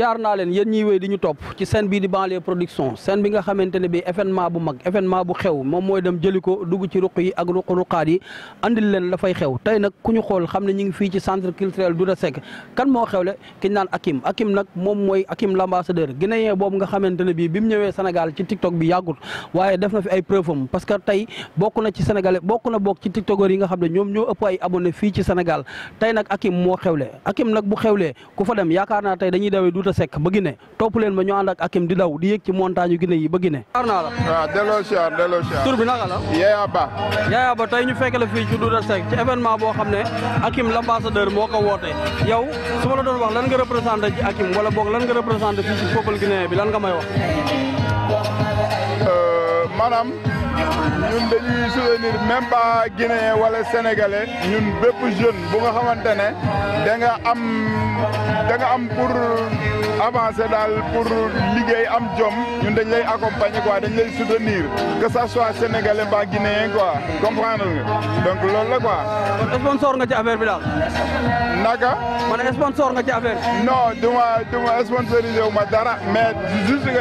siyaar naa leen yéen ñiy wéy di ñu topp ci scène bii di Banlieue Production scène bi nga xamante ne bi événement bu mag événement bu xew moom mooy dem jëli ko dugg ci ruq yi ak ruq ruqaat yi andil leen la xew tey nag ku ñu xool xam ne ñu ngi fii ci centre culturel Douta Seck kan moo xewle kiñ naan Akim Akim nag moom mooy Akim l'ambassadeur guinéen boobu nga ne bi bi mu ñëwee Sénégal ci TikTok bi yàggut waaye def na fi ay preuve am parce que tey bokk na ci Sénégalais bokk na bokk ci tiktokeur yi nga xam ne ñoom ñoo ëpp ay abonné fii ci Sénégal tey nag Akim moo xewle Akim nag bu xewlee le fa Ibra Seck ba Guinée topp leen ma ñu ànd ak Akim di daw di yëg ah, tur bi naka la. Ba. Yaya Ba tey ñu fekk la fii ci Douta ci événement boo xam ne Akim l'ambassadeur moo ko woote yow su lan nga représenté ci Akim wala boog lan nga représenté fii ci peuple guinéen bi lan nga may wax. Euh, maanaam. ñun dañuy soutenir même pas guinéen wala sénégalais ñun bépp jeune bu nga xamante ne danga am da am pour avancer daal pour liggéey am jom ñun dañ lay accompagner quoi dañ lay soutenir que ça soit sénégalais mbaa guinéen quoi comprendre nga donc loolu la kon sponsor nga ci affaire bi daal. naka. man sponsor nga ci affaire bi. non du ma du ma sponsorisé wu ma dara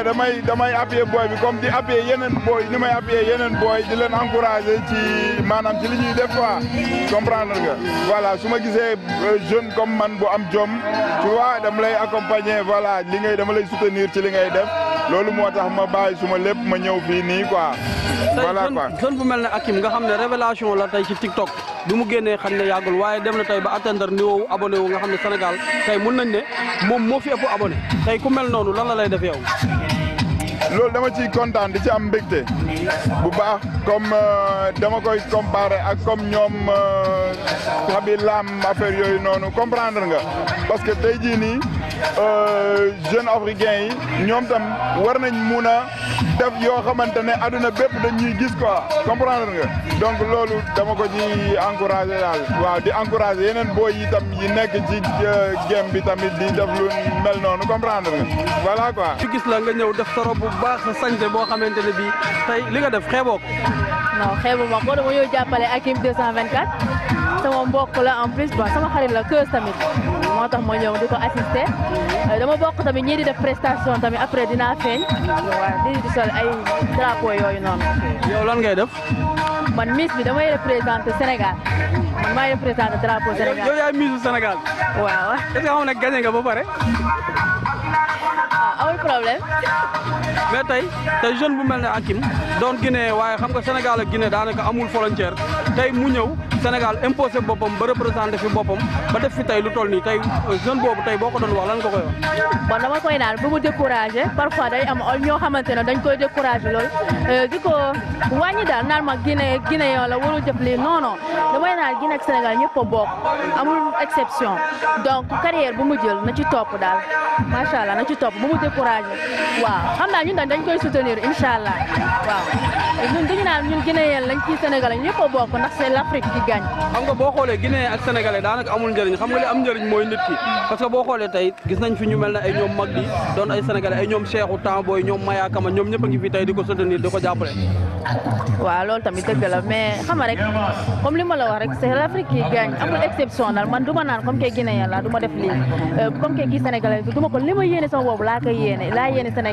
damay damay appuyer booy bi di appuyer yeneen booy ni may appuyer leen booy di leen encouragé ci maanaam ci li ñuy def quoi comprendre nga voilà su ma gisee euh, jeune comme man bu am jom tu vois dama lay accompagner voilà li ngay dama lay soutenir ci li ngay def loolu moo tax ma bàyyi suma lépp ma ñëw fii nii quoi. voilà quoi jeune bu mel ne Hakim nga xam ne révélation la tey ci TikTok bi mu génnee xam ne yàggul waaye dem na tey ba atteindre niveau abonné wu nga xam ne Sénégal tey mun nañ ne moom moo fi ëpp abonné tey ku mel noonu lan lay def yow. loolu dama ci kontaan di ci am mbégte bu baax comme euh, dama koy comparer ak comme ñoom xabi euh, laam affaire yooyu noonu comprendre nga parce que tey jii nii euh, jeunes africains yi ñoom tam war nañ mun a def yoo xamante ne adduna bépp dañuy gis quoi comprendre nga donc loolu dama ko ci encouragé daal waaw di encourage yeneen booy yi tam yi nekk ci game bi tamit di def lu mel noonu comprendre nga voilà quoi. gis la nga ñëw def sa baax sa sañse boo xamante ne bii tey li nga def xeeboo ko. non xeebu ma ko dama ñëw jàppale Hakim 224 sama mbokk la en plus bon sama xarit la Keuz tamit moo tax ma ñëw di ko assister euh, dama bokk tamit ñii di def prestation tamit après dinaa feeñ di sol ay drapeau yooyu noonu. yow lan ngay def. man Miss bi damay représenter Sénégal man maay représenter drapeau Sénégal. yow yaay Missu Sénégal. waaw. est-ce que xam nga gagné ba pare. amul problème. tey tey jeune bu mel ne Hakim doon Guinée waaye xam nga Sénégal ak Guinée daanaka amul frontière tey mu ñëw. Sénégal imposé boppam ba représenté fi boppam ba def fi tey lu toll nii tey euh, jeune boobu tey boo ko doon wax lan nga koy wax. bon dama koy naan bu mu découragé parfois day am ñoo xamante ne dañ koy découragé lool euh, di ko wàññi daal naan ma Guinée Guinée yoon la warul jëf lii non non damay naan Guinée ak Sénégal ñëpp a bokk amul exception donc carrière bu mu jël na ci topp daal macha allah na ci topp bu mu découragé waaw xam naa ñun dañ koy soutenir incha allah waaw. ñun dañu naan ñun guinéen lañ ci sénégalais ñëpp a bokk ndax c'est l'Afrique qui gagne xam nga boo xoolee guinéen ak sénégalais daanaka amul njëriñ xam nga li am njëriñ mooy nit ki parce que boo xoolee tey gis nañ fi ñu mel ne ay ñoom mag di doon ay sénégalais ay ñoom Cheikhou Tamboy ñoom Maya Kama ñoom ñëpp ngi fi tey di ko soutenir di ko jàppale waaw loolu tamit dëgg la mais xam rek comme li ma la wax rek c'est l'Afrique qui gagne amul exceptionnel ma naan comme que guinéen la du ma def lii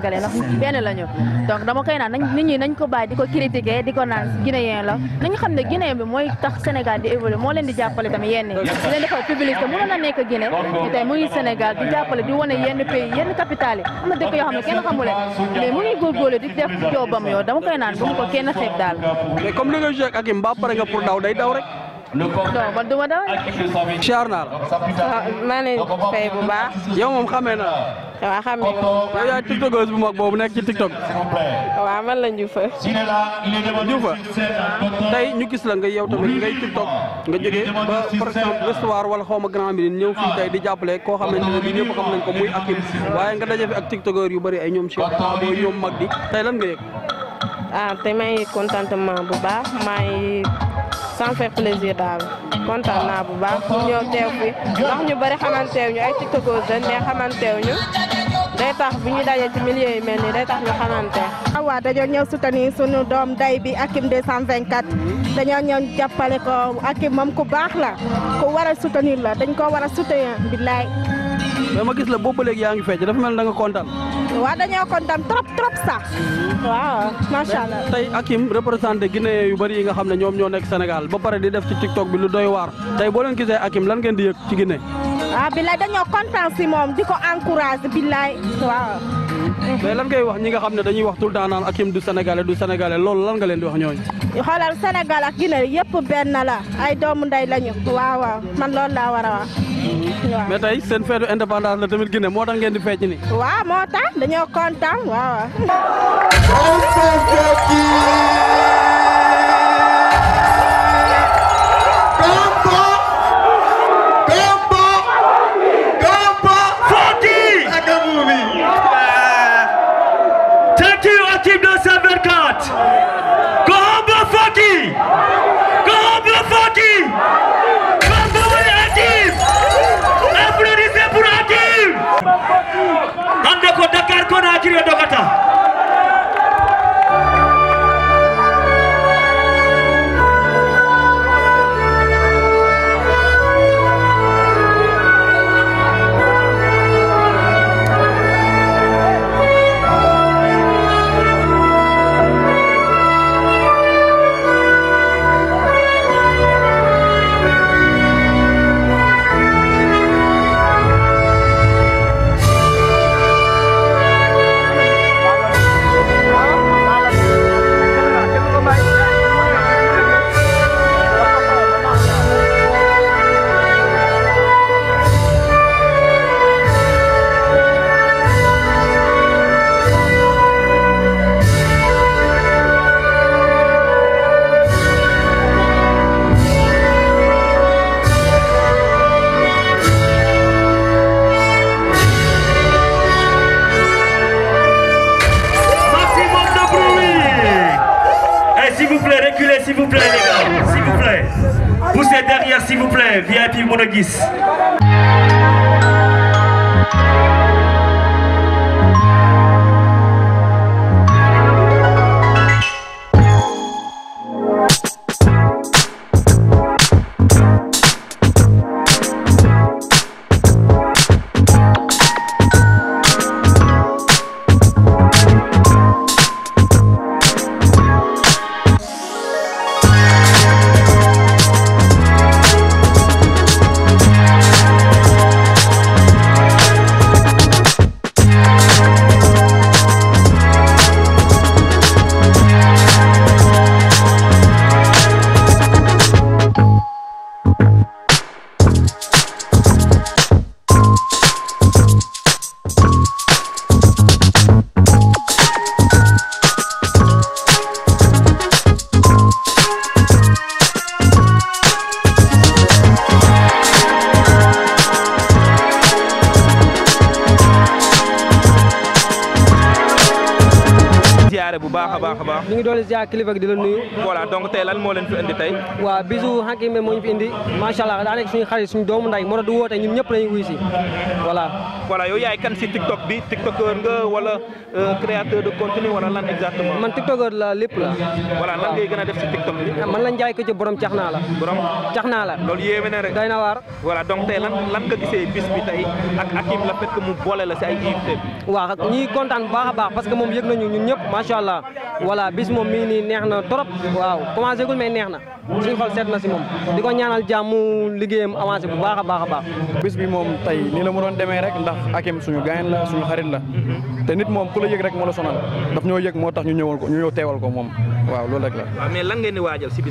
euh, la ñu donc dama koy critiquer di ko naan guinéen la nañu xam ne guinéen bi mooy tax Sénégal di évoluer moo leen di jàppale tamit yenn di leen defal publicité mënoon na nekk Guinée ñu tey mu ngi Sénégal di jàppale di wane yenn pays yenn capitale yi na dëkk yoo xam ne kenn xamu leen mais mu ngi góorgóorlu di def joobam yoo dama koy naan bu mu ko kenn xeeb daal mais comme li nga joué ak day daw rek non man duma dawal. siyaar naa la. Ah, maa ngi fay bu baax. yow moom xamee naa la. waaw xamee naa la. yow yaay tiktokeuse bu mag boobu nekk ci tiktok. waaw man la Ndioufa. Ndioufa tey ñu gis la nga yow tamit ngay tiktok nga jógee ba par exemple restaurant wala xaw ma grand mirine ñëw fii tey di jàppale koo xamante ne bii ñëpp xam nañ ko muy Hakim waaye nga daje fi ak tiktokeur yu bari ay ñoom si booy ñoom mag di tey lan nga yëg. ah te may contentement bu baax may sans faire plaisir daal kontaan naa bu baax mu ñëw teew fi ndax ñu bëri xamanteew ñu ay tiktokers lañ mais xamanteew ñu day tax bu ñu dajee ci milieu yi mel nii day tax ñu xamante ah, waaw dañoo ñëw soutenir sunu doom day bi Hakim 224 dañoo ñëw jàppale ko Hakim moom ku baax la ku war a la dañ ko war a soutenir mais ma gis la ba léegi yaa ngi fecc dafa mel da nga kontaan. waaw dañoo kontaan trop trop sax. waaw macha allah. tey Hakim représenté Guinée yu bari yi nga xam ne ñoom ñoo nekk Sénégal ba pare di def ci TikTok bi lu doy waar tey boo leen gisee Hakim lan ngeen di yëg ci Guinée. waaw ah, dañoo kontaan si moom di ko encouragé waaw. mais lan ngay wax ñi nga xam ne dañuy wax tout le temps naan Hakim du sénégalais du sénégalais loolu lan nga leen di wax ñooñu. xoolal Sénégal ak Guinée yëpp benn la ay doomu ndey lañu. waaw waaw man loolu laa war a wax. waaw mais seen feetu indépendance la tamit Guinée moo tax ngeen di fecc ni waaw moo tax dañoo kontaan waaw. candidature à type 224. foki Fati Kohambo Fati Kohambo Atib Applaudissez pour Atib Ande ko Dakar kona na dokata disse ñu ngi doon ziar kilifa gi di la nuyu voilà donc tey lan moo leen fi indi tey waaw bisu Hakime moo ñu fi indi macha allah daa nekk suñu doomu nday moo tax du woote ñun ñëpp lañu wuy si voilà voilà yow yaay kan si TikTok bi TikToker nga wala eh, créateur de contenu wala lan exactement. man TikToker la lepp la. voilà lan ngay gëna def si TikTok bi. man la jaay ko ci borom cax la. borom cax la. lol yéme na rek day war voilà donc tay lan lan nga gisé bis bi tay ak akim la fait que mu bolé la ci ay invité. waaw ak ñi contane baaxa baax parce que mom yegg nañu ñun ñëpp macha allah voilà bis mom mi ni neexna na trop. waaw commencé gul mais neexna na xol set na ci mom diko ñaanal jàmm liggéeyam avancé bu baaxa baaxa baax bis bi mom tay ni la mu doon démé rek ndax Hakim suñu gaañ la suñu xarit la te nit moom ku la yëg rek moo la sonal daf ñoo yëg moo tax ñu ñëwal ko ñu ñëw teewal ko moom waaw loolu rek la waaw mais lan ngeen waajal si bi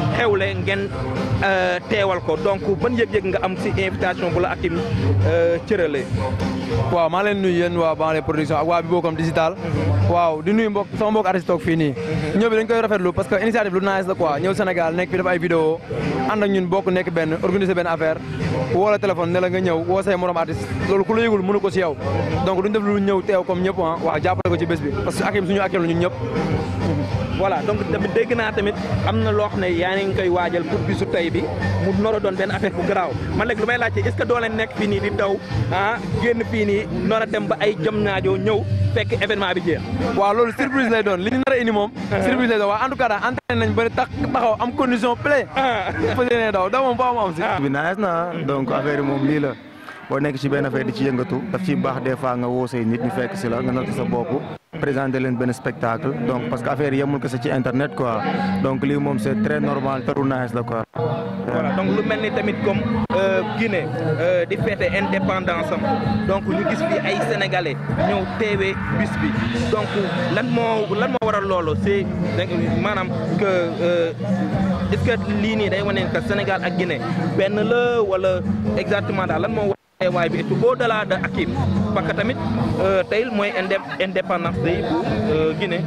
xewle ngeen euh, teewal ko donc ban yëg-yëg nga am si invitation bu la Hakim euh, cëralee. waaw maa leen nuyu yéen waa Banlieue Production ak waa Bibo comme digital waaw di nuyu mbokk sama mbokk artiste toog fii nii ñëw bi dañ koy parce que initiative lu nice la quoi ñëw Sénégal nekk fi def ay vidéo ànd ak ñun bokk nekk benn organiser benn affaire woo la téléphone ne nga ñëw woo say morom artiste loolu ku la yëgul mënu ko si yow donc ñëw teew comme ñëpp ah waaw jàppale ko ci bés bi parce que Hakim suñu Hakim la ñun ñëpp voilà donc tamit dégg naa tamit am na loo xam ne yaa ngi koy waajal pour bisu tey bi mu nar doon benn affaire bu garaaw man nag lu may laajte est ce que doo leen nekk fii nii di daw ah génn fii nii nar dem ba ay jëm naajoo ñëw fekk événement bi jeex. waaw loolu surprise lay doon li ñu nar a indi moom. Ah. surprise lay doon waaw en nañ bëri tax taxaw am condition play. Ah. dafa leen daw daw moom boo am am si. Ah. bi naaj na donc affaire yi moom lii la. boo nekk ci benn affaire di ci yëngatu daf ciy baax des fois nga woo say nit fekk si la nga natt sa bopp présenter leen benn spectacle donc parce que affaire yemul kese ci internet quoi donc lii moom c'est très normal te lu nice la quoi. voilà donc lu mel ni tamit comme euh, Guinée euh, di fête indépendance donc ñu gis fi ay sénégalais ñëw teewee bis bi donc lan moo lan moo waral loolu c'est maanaam que euh, est-ce que lii nii day wane que Sénégal ak Guinée benn la wala exactement daal lan moo. teewaay bi etu au delà de tamit euh, tey mooy indépendance day bu Guinée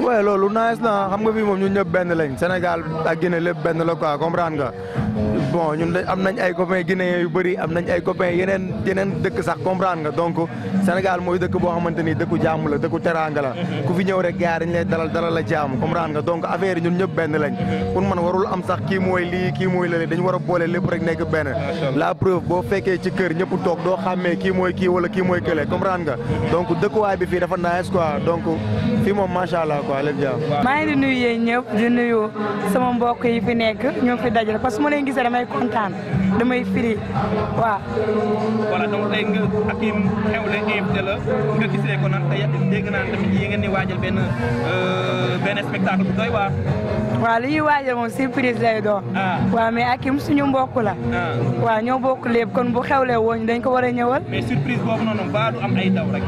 waaye loolu nice na xam nga fii moom ñun ñëpp benn lañ Sénégal ak Guinée lépp benn la quoi comprendre nga bon ñun am nañ ay copains guinéens yu bëri am nañ ay copains yeneen yeneen dëkk sax comprendre nga donc Sénégal mooy dëkk boo xamante ni dëkku jàmm la dëkku teraanga la ku fi ñëw rek gars dañ lay dalal dalal la jàmm comprendre nga donc affaire yi ñun ñëpp benn lañ pour man warul am sax kii mooy lii kii mooy lële dañu war a boole lépp rek nekk benn la preuve boo fekkee ci kër ñëpp toog doo xàmmee kii mooy kii wala kii mooy kële comprendre nga donc dëkkuwaay bi fii dafa nice quoi donc moom macha allah waa lépp jàmm. maa ngi di nuyu yéen ñëpp di nuyu sama mbokk yi fi nekk ñu fi dajale parce que su ma leen gisee damay kontaan damay firi waaw. voilà donc tey nga ak yi xewle invité la nga gisee ko nan tey dégg naa tamit yi ngeen di waajal benn euh, benn spectacle bu doy waar. waaw li ñuy waajal moom surprise lay doon. Ah. waaw mais Hakim suñu mbokk la. Ah. waaw ñoo bokk lépp kon bu xewlee woon dañ ko war a ñëwal. mais surprise boobu noonu baa du am ay daw rek.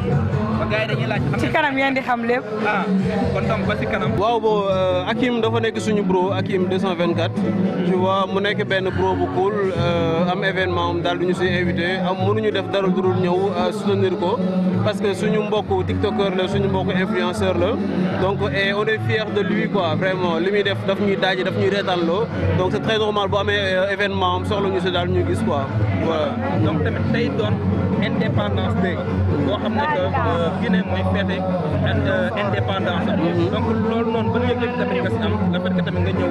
ci kanam yéen di xam lépp. ah kon donc ba ci kanam. waaw bo euh, Akim dafa nekk suñu bro Akim 224. tu wa mu nekk benn bro bu cool euh, am événement am daal du ñu si invité am mënuñu def dara dul ñëw euh, soutenir ko parce que suñu mbokku tiktokeur la suñu mbokku influenceur la donc et on est fier de lui quoi vraiment li muy def daf ñuy daaji daf ñuy reetaan donc c'est très normal bu am événement am soxla ñu si daal ñu gis quoi voilà. donc tamit tey doon indépendance day boo xam Guinée mooy feete ak euh, indépendance. Mhm. donc loolu noonu ba nga yëg tamit nga si am la fait nga ñëw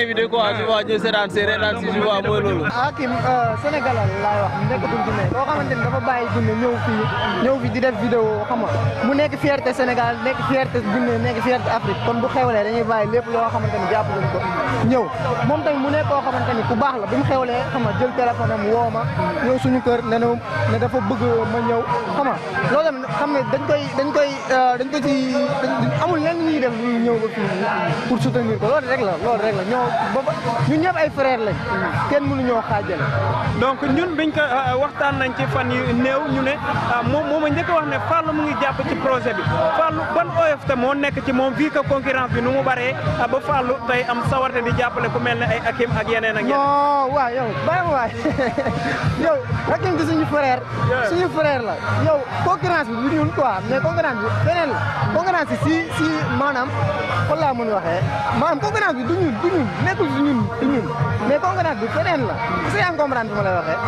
invité quoi su ma ñu seetaan si reetaan si suba mooy loolu. ah kii euh, Sénégal laay wax nekkatul Guinée boo xamante ni dafa bàyyi di def vidéo xam nga mu nekk fierté Sénégal nekk fierté Afrique kon bu xewlee dañuy bàyyi lépp loo xamante ni jàpp nañ ko ñëw moom tamit mu nekk koo xamante ni ku baax la bi mu xewlee xam nga jël téléphone am woo ma ñëw suñu kër ne ne dafa bëgg ma ñëw xam nga loolu tamit xam ne dañ koy dañ koy euh, dañ ko ci amul lenn ñuy def ñuy ñëw ba fii pour soutenir ko loolu rek loolu rek la ba ba ñun ñëpp ay frère lañ. kenn mënuñoo xaajale. donc ñun biñ ko euh, waxtaan nañ ci fan yu néew ñu ne euh, moom moom a njëkk wax ne Fallou mu ngi jàpp ci projet bi Fallou ban OFT moo nekk ci moo fii que concurrence bi nu mu baree euh, ba Fallou tey am sawarte di jàppale ku mel ne ay Hakim ak yeneen ak yeneen. non waaw yow bàyyi waay yow Hakim di suñu frère. suñu la yow concurrence bi du ñun quoi mais concurrence bi feneen si si maanaam kon laa bi du ñun du ñun ñun nekkul si ñun si ñun mais concurrence bi keneen la est-ce que yaa ngi comprendre bi ma lay waxee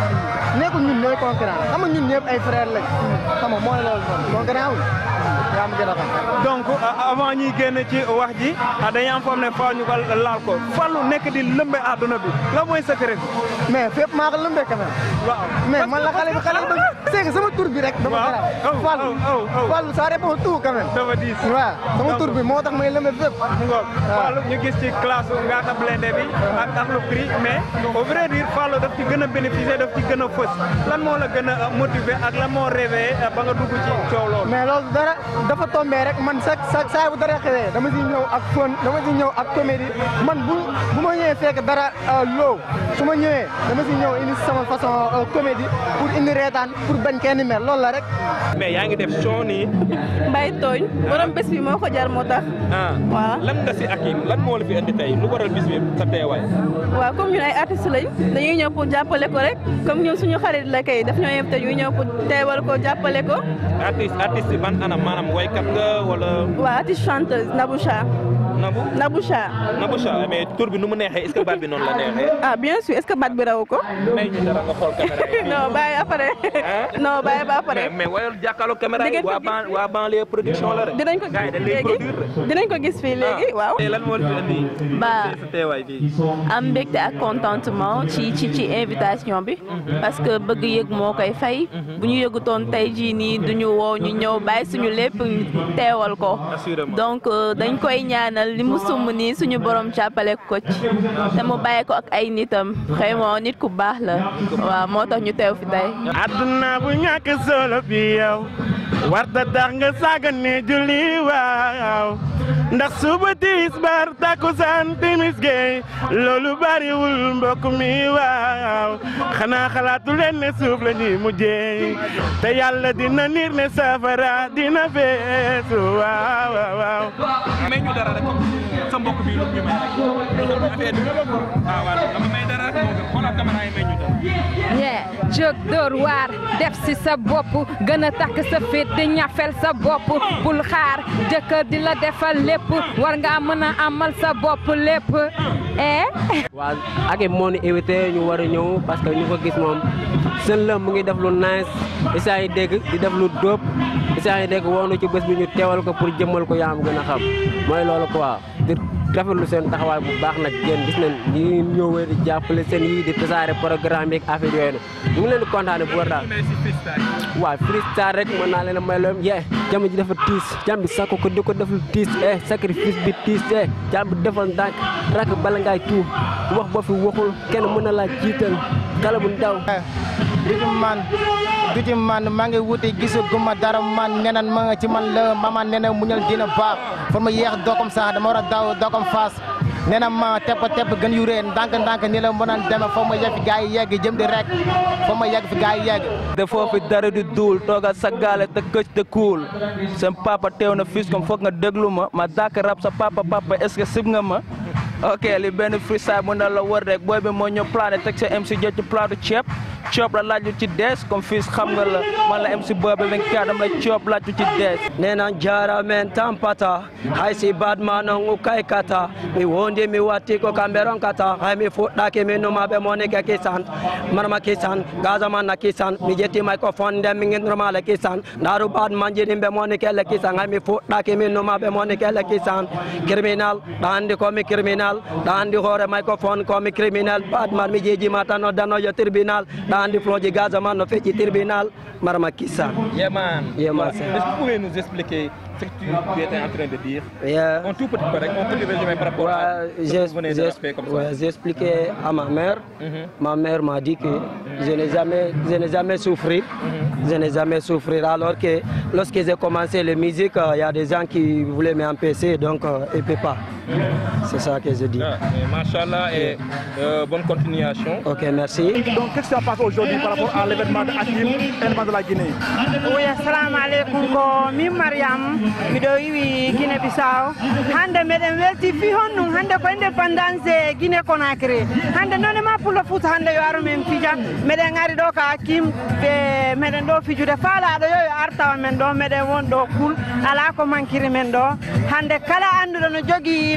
nekkul ñun ñooy concurrence xam nga ñun ñëpp ay frère lañ xam nga moo ne loolu noonu donc euh, avant ñuy génn ci wax ji euh, dañuy am foog ne faaw ñu ko laal ko Fallou nekk di lëmbe àdduna bi la mooy secret bi. mais fépp maa ko lëmbe ka même. waaw mais man la xale bi xale bi dégg sama tur bi rek. dama garaaw Fallou Fallou ça répond tout quand même. dafa diis waaw sama tur bi moo tax may lëmbe fépp. waaw Fallou ñu gis ci classe Ngaaka Blindé bi ak ak lu prix mais au vrai dire Fallou daf ci gën a bénéficier ci gën a fës lan moo la gën a motiver ak lan moo rêvé euh, ba nga dugg ci coow dafa tombé rek man sa sa saa bu dara xewee dama si ñëw ak fon dama si ñëw ak comédie man bu bu ma ñëwee fekk dara euh, loow su ma ñëwee dama si ñëw indi sama façon euh, comédie pour indi reetaan pour bañ kenn mer loolu la rek. mais yaa ngi def show nii. Mbaye tooñ. borom bés bi moo ko jar moo tax. ah lan nga si ak lan moo la fi indi tey lu waral bis bi sa teewaay. waaw comme ñun ay artistes lañ dañuy ñëw pour jàppale ko rek comme ñun suñu xarit la kay daf ñoo yem te ñu ñëw pour teewal ko jàppale ko. artiste artiste ban anam maanaam waykat nga wala. waaw artiste chanteuse Nabou Char. Nabou Nabou tur bi nu mu neexee est-ce que baat bi noonu la neexee. ah bien sûr est-ce bi raw ko. may ñu dara nga xool caméra ba après. mais wayal jàkkaarloo caméra yi waa ban waa banlieue production la rek. dinañ ko gis léegi dinañ ko gis fii léegi ah, waaw. tey lan moo ba am mbégte ak contentement ci ci ci invitation bi. Mhm. parce que bëgg yëg moo koy fay. Mhm. bu ñu yëgutoon tey jii nii duñu woo ñu ñëw bàyyi suñu lépp teewal ko. donc euh, dañ koy ñaanal. dogal li mu nii suñu borom jàppale ko ci te mu bàyyi ko ak ay nitam vraiment nit ku baax la waaw moo tax ñu teew fi tey. naa bu ña solo bi yow. warta tax nga sàggane julli waaw ndax suba tisbaar takkusaan timis géey loolu bariwul mbokk mi waaw xanaa xalaatu leen ne suuf la ñuy mujjee te yàlla dina niir ne safara dina fees waaw waaw. mais ñee jóg dóor waar def si sa bopp gën a takk sa fit di ñafel sa bopp bul xaar jëkkër di la defal lépp war ngaa mën a amal sa bopp lépp eh waaw ak moo ñu invité ñu war a ñëw parce que ñu ko gis moom sën la mu ngi def lu nice isaa yi dégg di def lu dóob isaa yi dégg wax na ci bës bi ñu teewal ko pour jëmmal ko yaam gën a xam mooy loolu quoi lu seen taxawaay bu baax nag yéen gis nañ ñi ñëwee di jàppale seen yi di tasaare programme yeeg affaire yooyu nag ñu ngi leen kontaane bu war daal waaw freestyle rek mën naa leen a may loolu yee jàmm ji dafa tiis jàmm bi sakku ko di ko deful tiis eh sacrifice bi tiis eh jàmm bi defal rakk bala ngaay tuub wax ba fi kenn mën na laaj jiital kala bu ndaw ritu man biti man ma ngi dara man nenan ma ci man la mama nena muñal dina baax fa ma yeex do comme ça dama wara daw do comme face nena ma tepp tepp gën yu reen dank dank ni la mënan dem fa ma yegg gaay yegg jëm di rek fa ma yegg fi gaay yegg de fofu dara du dul toga sa galé te gëc de cool sem papa tew na fils comme fokk nga degluma ma dak rap sa papa papa est ce que sib nga ma okay, li ben freestyle mo na la wor rek boy bi mo ñu planer tek sa mc jëc plateau ciep chop la laaju ci dees comme fils xam nga la man la MC Bobby 24 dama lay chop laaju ci dees nee jara men tampata hay si badma ngou kay kata mi wonde mi wati ko kamberon kata hay mi fuɗɗake mi numaɓe monika ke san kisan gazaman na ke san mi jetti microphone dem ngi normal ke san daru bad manjiɗimɓe ke san hay mi fuɗɗake mi numaɓe ke san criminal dandi ko mi criminal dandi hore microphone ko mi criminal badman mi jeji mata no dano yo tribunal ɗa handiploje gaja ma no feƴƴi tribunal mara Yaman, sall Yeah est ce que vous pouvez nous expliquer ce que tu étais en train de dire yeah. tout petit peu on peut le résumer par rapport ouais, à j'ai expliqué à ma mère mm-hmm. ma mère m'a dit que je n'ai jamais je n'ai jamais souffrir, mm-hmm. je n'ai jamais souffrir. alors que lorsque j'ai commencé la musique euh, il y a des gens qui voulaient m'empêcher donc euh, ils ne peuvent pas c'est ça que je dis. Ah, et euh, bonne continuation. Ok, merci. Donc, qu'est-ce qui se passe aujourd'hui par rapport à l'événement de Hakim, événement de la Guinée Oui, assalamu alaikum. Ko min Mariam, mi do Guinée-Bissau. Hande meɗen welti fi honnum, hande ko indépendance Guinée-Conakry. Hande noon ma le foot hande yo aru men fija. Meɗen ari ɗo ka Hakim ɓe meɗen ɗo fijude faalaɗo yo yo artawa men ɗo meɗen won ɗo kul. Ala ko mankiri men ɗo. Hande kala anduɗo no jogii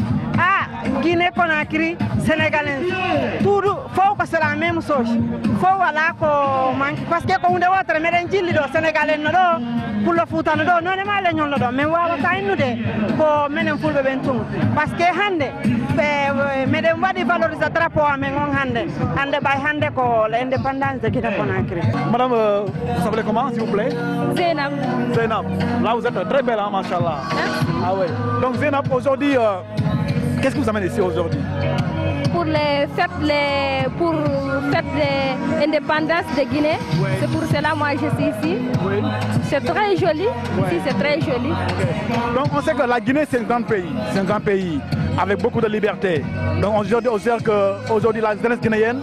guinée conakry sénégalais faut fof c'est la même chose faut wala ko manque par ce que ko hunde wotere meɗen sénégalais non pour le no non pullo futano ɗo nonema leñol mais ɗo min wawata innude ko minen fulɓe ɓen tuma par ce que hande ɓe eh, meɗen waɗi valorise drapeau amen on hande hande ɓay hande ko l' indépendance de guinée conakry madame euh, vous s'appelez comment s'il vous plaît Zénab Zénab là vous êtes très belle hein, machallah ah ouais donc Zénab aujourd'hui euh, Qu'est-ce que vous amenez ici aujourd'hui Pour les fêtes, les, pour l'indépendance de Guinée. C'est pour cela moi je suis ici. C'est très joli. c'est très joli. Donc on sait que la Guinée c'est un grand pays. C'est un grand pays avec beaucoup de liberté. Donc aujourd'hui, on sait la jeunesse guinéenne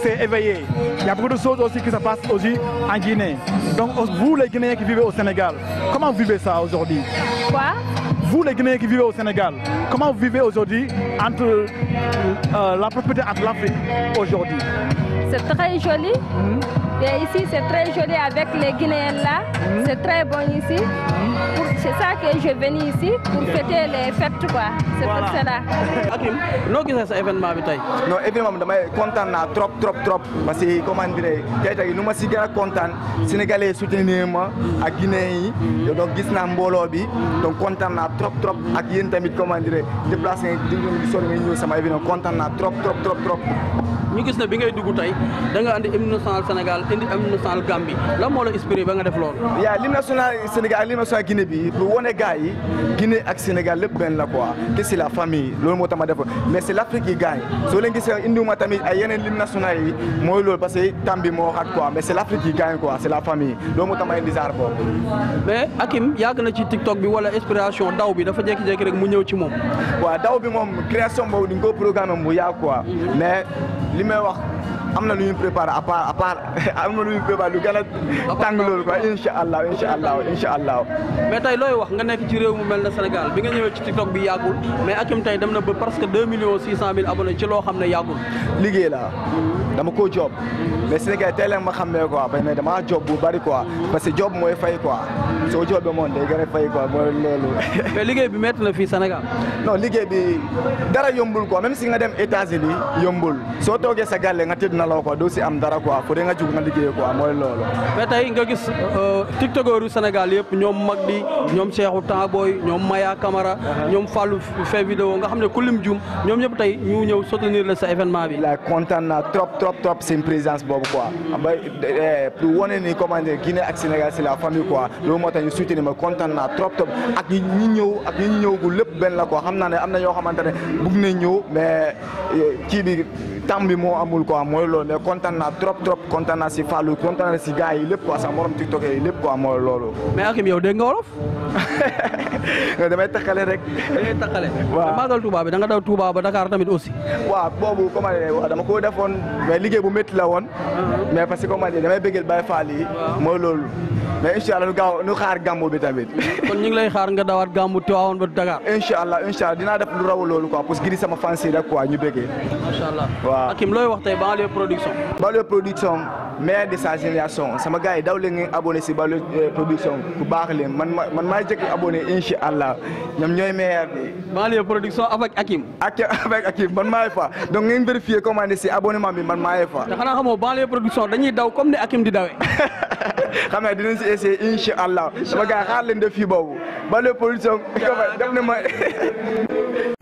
s'est éveillée. Il y a beaucoup de choses aussi qui se passent aujourd'hui en Guinée. Donc vous, les Guinéens qui vivez au Sénégal, comment vous vivez ça aujourd'hui Quoi vous les Guinéens qui vivez au Sénégal, comment vous vivez aujourd'hui entre euh, la propriété et l'Afrique aujourd'hui C'est très joli. Hmm ici, c'est très joli avec les Guinéens là. Mm-hmm. C'est très bon ici. Mm-hmm. C'est ça que je venais ici pour fêter les fêtes C'est pour cela. non événement trop trop trop parce que comment dire sénégalais soutiennent à Guinée, mm-hmm. donc donc trop trop trop trop trop Sénégal. te nit am national Gambie lan moo la inspiré ba nga def loolu. yaa l'hymne national Sénégal bi bu wone gars yi ak Sénégal lépp benn la quoi te c'est la famille loolu moo tama ma def mais c'est l'Afrique yi gars yi soo leen gisee indiwuma tamit ay yeneen l'hymne national yi mooy loolu parce que tam bi moo waxaat quoi mais c'est l'Afrique yi gars yi quoi c'est la famille loolu moo tax ma indi genre boobu. mais Hakim ci TikTok bi wala inspiration daw bi dafa jekki jékki rek mu ñëw ci moom. waaw daw bi moom création boobu di nga ko programme bu yàgg quoi mm-hmm. mais li may wax. am na lu ñu préparé à part à part am na lu ñu préparé a tàng loolu quoi incha allah incha allah incha allah. mais tey looy wax nga nekk ci réew mu mel ne Sénégal bi nga ñëwee ci TikTok bi yàggul mais Hakim tey dem na ba presque deux millions six cent ci loo xam ne yàggul. liggéey la dama koo job mais Sénégal tey leen xam xamee ko parce que damaa job bu bari quoi parce que job mooy fay quoi soo job bi moom day gën fay quoi mooy loolu. mais liggéey bi meet na fii Sénégal. non liggéey bi dara yombul quoi même si nga dem États-Unis yombul soo toogee sa gàlle nga nalaw quoi doo si am dara quoi fu dee nga jug nga liggéey mooy loolu. mais tey nga gis euh, tiktokeur yu Sénégal yëpp ñoom mag Magdi ñoom Cheikhou Tamboy ñoom Maya Camara. ñoom Fallou fait vidéo nga xam ne ku jum ñoom ñëpp tey ñu ñëw soutenir la sa événement bi. la kontaan naa trop trop trop seen boobu quoi ah ba eh, wane ni comment dire ak Sénégal c'est la famille quoi loolu moo tax ñu soutenir ma kontaan naa trop trop ak ñi ñi ñëw ak ñi ñëwgul lépp benn la quoi xam naa ne am na ñoo xamante ne bëgg nañ ñëw mais eh, kii bi. tambi mo amul ko amoy lo ne content na trop trop content na si fallu content na si gars yi lépp quoi sa morom tiktok yi lépp quoi mooy loolu. mais akim yow de nga wolof. nga demay takale rek. damay takkale. ma dal Touba bi da nga daw Touba ba Dakar tamit aussi. waaw boobu comment dire waaw dama ko defone mais liguey bu metti la won uh-huh. mais parce que ko ma dire damay bëggal bay Fall mo mooy loolu. mais inshallah nu gaaw nu xaar gambo bi tamit. kon ñing lay xaar nga dawat gambo Tiwaawoon ba Dakar. inshallah inshallah dina def lu raw loolu quoi parce que gis sama fans yi rek quoi ñu bëggee. macha waaw Hakim looy wax tey banlieue production. banlieue production meilleur de sa génération sama gars yi daw leen ngeen abonné si banlieue production bu baax leen man ma man maa jëkk abonné incha allah ñoom ñooy meilleur bi. banlieue production avec Hakim. ak avec Hakim man maay fa donc ngeen vérifier commandé si abonnement bi man maay fa. te xanaa xamoo banlieue production dañuy daw comme ni Hakim di dawee. xam nga dinañ si essayer incha allah sama gars xaar leen def fii boobu banlieue production def